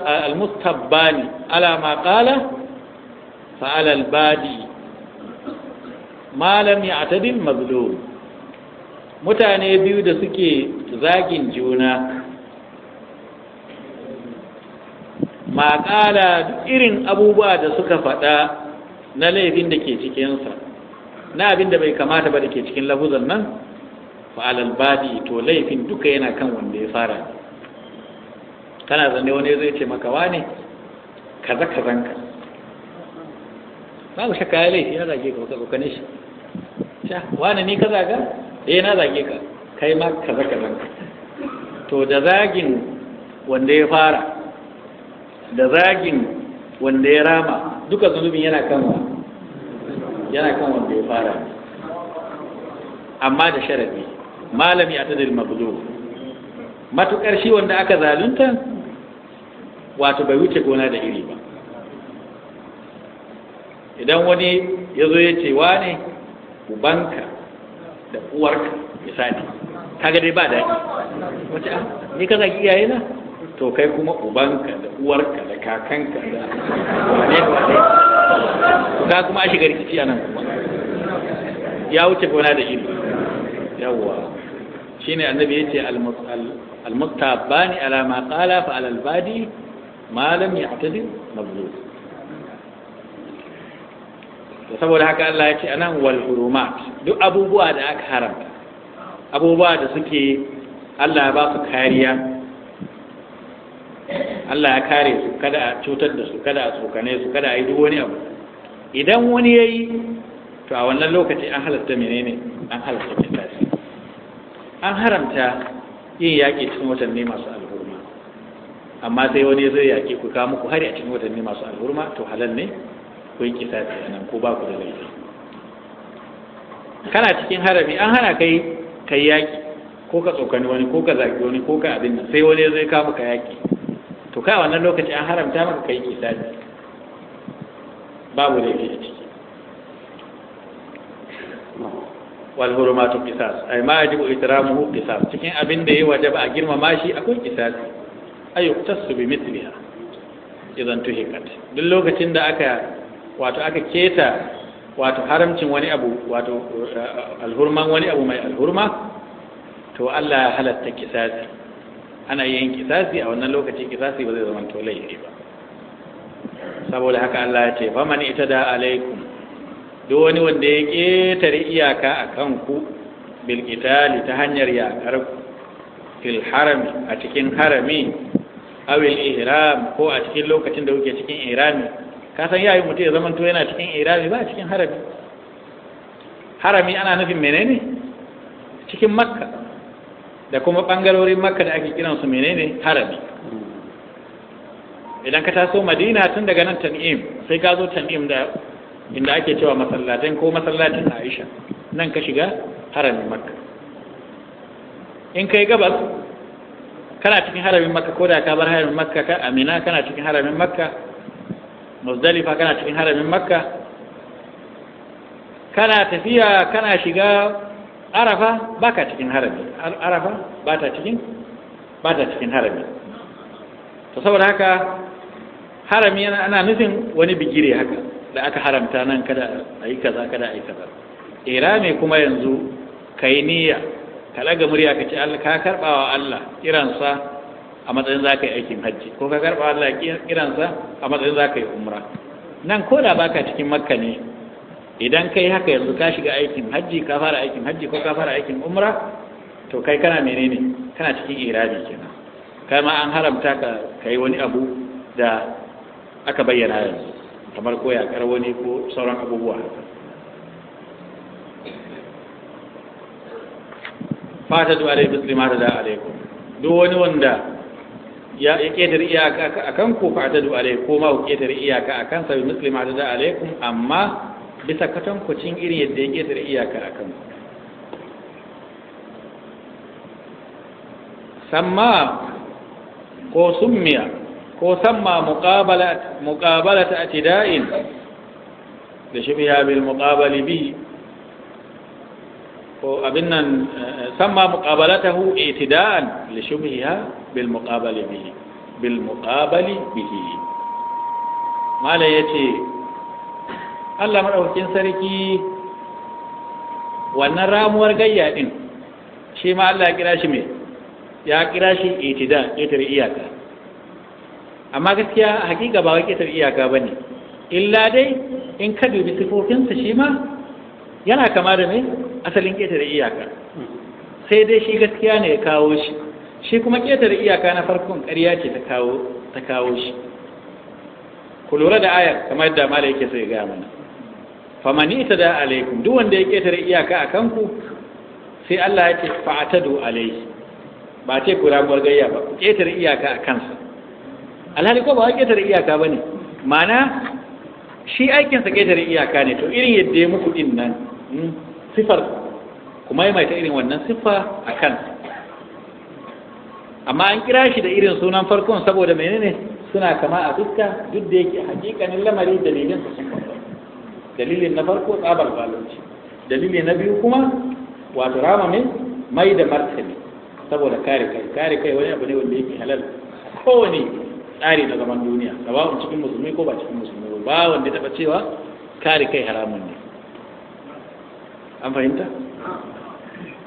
al-mustabbani ala ma qala فعلى البادي ما لم يعتد المظلوم mutane biyu da suke zagin juna duk irin abubuwa da suka faɗa na laifin da ke cikinsa na abin da bai kamata ba da ke cikin lafuzan nan fa'alal badi to laifin duka yana kan wanda ya fara kana zanne wani zai ce maka ne? kaza kazanka babu shakka ya laifi na zage ka tsokane shi sha wani ni ka zaga eh na zage ka kai ma kaza kaza to da zagin wanda ya fara da zagin wanda ya rama duka zunubin yana kan yana kan wanda ya fara amma da sharadi malami a tadil mabzum matukar shi wanda aka zalunta wato bai wuce gona da iri ba idan wani ya zo ya ce wane ubanka da uwarka misali kaga dai ba daɗi wace ah, ni ka zaki iyaye na to kai kuma ubanka da uwarka da kakanka da wane wane ka kuma a shiga rikici a nan kuma ya wuce gona da ido yawwa shi ne annabi ya ce almustabani ala ma qala fa alalbadi malam ya ma lam saboda haka Allah ya ce anan wal hurumat duk abubuwa da aka haramta abubuwa da suke Allah ya ba su kariya Allah ya kare su kada a cutar da su kada a tsokane su kada a yi duk wani abu idan wani yayi to a wannan lokaci an halatta menene an halatta kitasi an haramta yin yaƙi cikin watanni masu alhurma amma sai wani zai yaƙi ku ka muku hari a cikin watanni masu alhurma to halal ne akwai kisa a nan ko ba ku da laifi kana cikin harami an hana kai kai yaki ko ka tsokani wani ko ka zaki wani ko ka abin nan sai wani zai kama ka yaki to kai wannan lokaci an haramta maka kai kisasi babu laifi a ciki wal hurumatu qisas ay ma yajibu itramuhu qisas cikin abin da ya wajaba a girmama shi akwai qisasi ay yuktasu bi mithliha idan tuhikat duk lokacin da aka wato aka keta wato haramcin wani abu wato eh, alhurman wani abu mai alhurma to Allah ya halatta kisasi ana yin kisasi a wannan lokacin kisasi ba zai zama to laifi ba saboda haka Allah ya ce fa man itada alaikum duk wani wanda ya ketare iyaka a kanku bil qitali ta hanyar yakar fil harami a cikin harami awil ihram ko a cikin lokacin da kuke cikin ihrami ka san yayin mutum ya zamanto yana cikin irabi ba cikin harami harami ana nufin menene cikin makka da kuma bangarorin makka da ake kiransu menene harami idan ka taso madina tun daga nan tan'im sai ka zo tan'im da inda ake cewa masallatin ko masallatin aisha nan ka shiga haramin makka in kai gabas kana cikin haramin makka ko da ka bar haramin makka ka amina kana cikin haramin makka muzdalifa kana cikin haramin makka kana tafiya kana shiga arafa baka cikin harami arafa ba ta cikin ba ta cikin harami to saboda haka harami ana nufin wani bigire haka da aka haramta nan kada a yi kaza kada a yi kaza irami kuma yanzu ka yi niyya ka ɗaga murya ka ce ka karɓa wa Allah iransa a matsayin za ka yi aikin hajji ko ka karɓa Allah kiransa a matsayin za ka yi umra nan ko da baka cikin makka ne idan kai haka yanzu ka shiga aikin hajji ka fara aikin hajji ko ka fara aikin umra to kai kana menene kana cikin iradi kenan kai ma an haramta ka kai wani abu da aka bayyana yanzu kamar ko yakar wani ko sauran abubuwa fata da alaikum ma da alaikum duk wani wanda ya ƙetare iyaka a kan ku fa tadu alai ko ku ƙetare iyaka a kan sabi muslim a tadu alaikum amma bisa katankwacin irin yadda ya ƙetare iyaka a kan samma ko summiya ko samma muqabalat muqabalat tida'in da shibha bil muqabali bi ko abin nan eh, samma muqabalatahu itida'an li shubhiha bil muqabali bihi bil muqabali bihi mala yace Allah madaukakin sarki wannan ramuwar gayya din shi ma Allah ya kira shi me ya kira shi itida ƙetare iyaka amma gaskiya hakika ba wai ƙetare iyaka bane illa dai in ka dubi sifofinsa shi ma yana kama da me asalin ƙetare iyaka sai dai shi gaskiya ne ya kawo shi shi kuma ƙetare iyaka na farkon ƙarya ce ta kawo shi ku lura da ayar kamar yadda mala yake sai gaya mana famani ta da alaikum duk wanda ya ƙetare iyaka a kanku sai Allah ya ce do alaihi ba ce ku ramuwar gayya ba ku ƙetare iyaka a kansa alhali ko ba wa ƙetare iyaka ba ne ma'ana shi aikinsa ƙetare iyaka ne to irin yadda ya muku din nan hmm, sifar kuma ya maita irin wannan siffa a kan amma an kira shi da irin sunan farkon saboda menene suna kama a fuska duk da yake hakikanin lamari dalilin su sun dalilin na farko tsabar zalunci Dalilin na biyu kuma wato rama mai mai da martani saboda kare kai kare kai wani abu ne wanda yake halal kowane tsari na zaman duniya da cikin musulmi ko ba cikin musulmi ba wanda taɓa cewa kare kai haramun ne an fahimta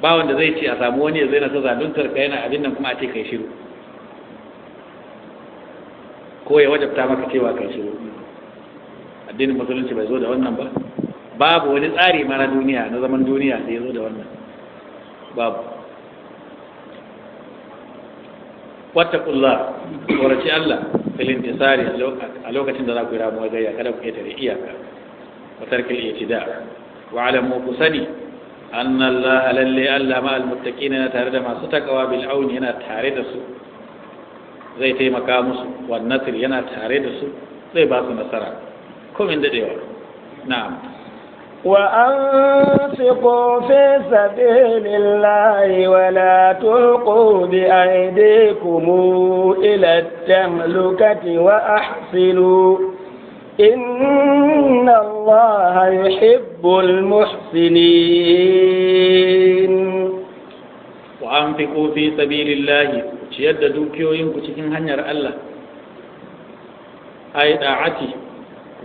ba wanda zai ce a samu wani ya zaina ta zaluntar ka yana abin nan kuma a ce kai shiru ko ya wajabta maka cewa kai shiru addinin musulunci bai zo da wannan ba babu wani tsari ma na duniya na zaman duniya da ya zo da wannan babu kulla tsoraci Allah filin tsari a lokacin da za ku yi ramuwa gayya kada ku ƙetare iyaka wa tarkil da. wa'alamu ku sani annan lalle Allah ma'al muttaqina yana tare da masu takawa bil auni yana tare da su zai taimaka musu wan nasr yana tare da su zai ba su nasara komin dadewa na'am وأنفقوا في سبيل الله ولا تلقوا بأيديكم إلى التملكة وأحسنوا إن الله يحب المحسنين وأنفقوا في سبيل الله شيد دوكيو ينكو تكين هنير الله أي داعتي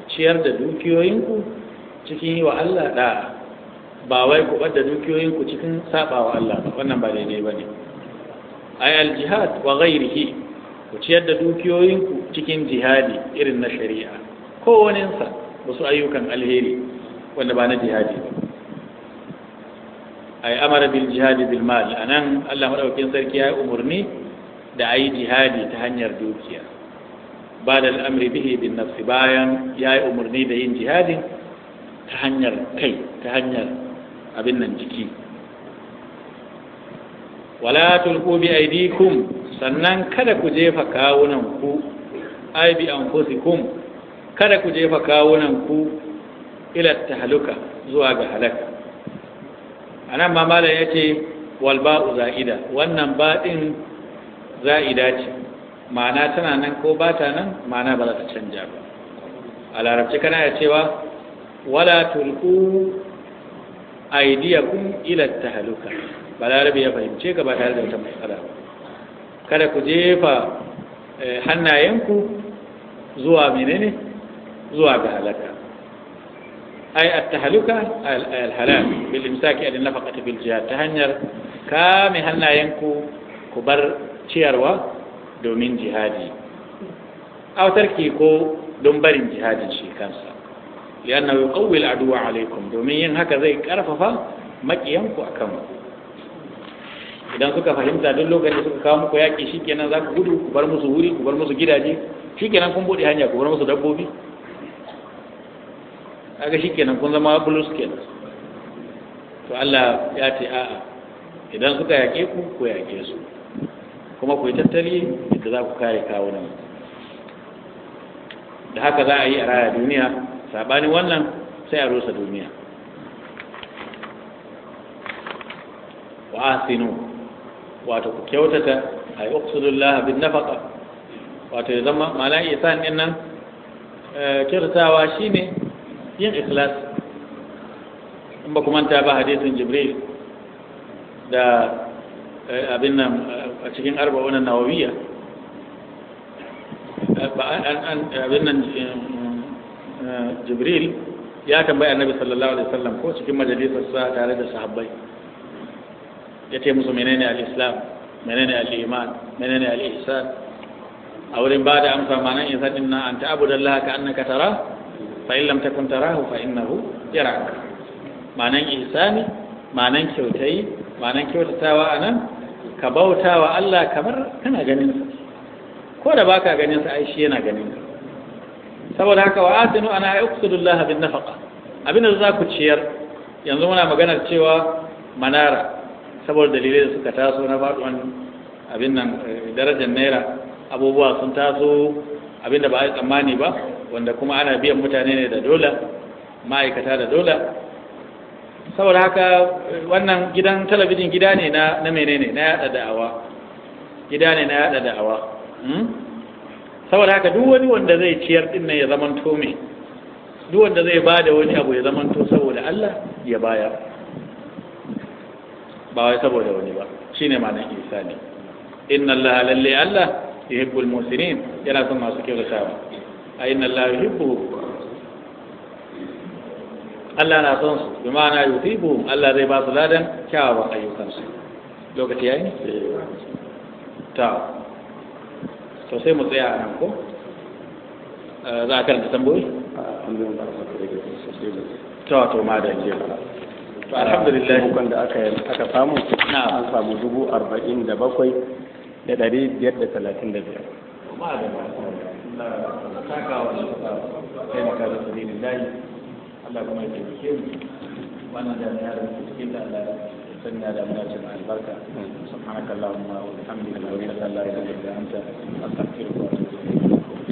ciyar da dukiyoyinku cikin wa Allah da ba wai ku da dukiyoyinku cikin saba wa Allah wannan ba daidai ba ne ay al wa ghairihi ku ciyar da dukiyoyinku cikin jihadi irin na shari'a kowaninsa wasu ayyukan alheri wanda ba na jihadi ba a yi amara bil jihadi bil mal a nan allah maɗaukin sarki ya yi umarni da a yi jihadi ta hanyar dukiya ba da al'amri bihi bin nafsi bayan ya yi umarni da yin jihadi ta hanyar kai ta hanyar abin nan jiki wala tulku bi aidikum sannan kada ku jefa kawunan ku ai bi anfusikum kada ku jefa kawunan ku ila tahaluka zuwa ga halaka anan ma malam yace wal ba'u za'ida wannan ba din za'ida ce ma'ana tana nan ko ba ta nan ma'ana ba za ta canja ba a larabci kana ya cewa wala tulku aidiyakum ila tahaluka ba larabi ya fahimce ka ba tare da wata matsala ba kada ku jefa eh, hannayenku zuwa menene zuwa ga halaka ay at-tahluka al-halal bil imsaki al nafaqati bil jihad ta hanyar kame hannayenku ku bar ciyarwa domin jihadi aw tarki ko don barin jihadin shi kansa lianna yuqawwi al-aduwa alaikum domin yin haka zai karfafa makiyanku akan ku idan suka fahimta duk lokacin suka kawo muku yaƙi shikenan za ku gudu ku bar musu wuri ku bar musu gidaje shikenan kun bude hanya ku bar musu dabbobi kaga shikenan kun zama bulus kenan to Allah ya ce a'a idan suka yake ku ku yake su kuma ku yi tattali yadda za ku kare nan da haka za a yi a raya duniya saɓanin wannan sai a rusa duniya wa asinu wato ku kyautata a yi uksudullah bin nafaka wato ya zama mala'isa ɗin nan eh, kyautatawa shine yin ikhlas in ba kuma ta ba hadisin jibril da eh, abin nan eh, a cikin arba'unan nawawiya eh, abin nan jibril ya tambaya annabi sallallahu alaihi wasallam ko cikin majalisar sa tare da sahabbai ya ce musu menene al-islam menene al-iman menene al-ihsan a wurin ba da amsa ma'anar ihsan din na an ta'budallaha ka annaka tara fa in lam takun tarahu fa innahu yarak ma'anan ihsani ma'anan kyautai ma'anan kyautatawa a nan. ka bautawa Allah kamar kana ganin sa ko da baka ganin sa ai shi yana ganin ka saboda haka wa Asinu ana ay uqsidullah bin nafaqa abin da za ku ciyar yanzu muna maganar cewa manara saboda dalilai da suka taso na faɗuwan abin nan eh, darajar naira abubuwa sun taso abin da ba a yi tsammani ba wanda kuma ana biyan mutane ne da dola ma'aikata da dola saboda haka wannan gidan talabijin gida ne na menene na yada da'awa gida ne na yada da'awa hmm? saboda haka duk wani wanda zai ciyar din nan ya zamanto me duk wanda zai bada wani abu ya zamanto saboda Allah ya baya. ba wai saboda wani ba shine ma'anar ihsani inna Allah lalle Allah yuhibbul muhsinin yana son masu kyautatawa ayin Allah yuhibbu Allah na son su bi ma'ana yuhibbu Allah zai ba su ladan kyawawan ayyukansu lokaci yi ta to sai mu tsaya a ko eh, za a karanta tambayoyi ta to ma da ke to alhamdulillah hukun da aka aka samu na an samu dubu arba'in da bakwai da ɗari biyar da talatin da biyar Allah saka wa da suka taimaka da sabilin layi Allah kuma ya taimake mu wannan jami'a da muke cikin da Allah سنة لأمناتنا البركة سبحانك اللهم وبحمدك أشهد أن لا إله إلا أنت أستغفرك وأتوب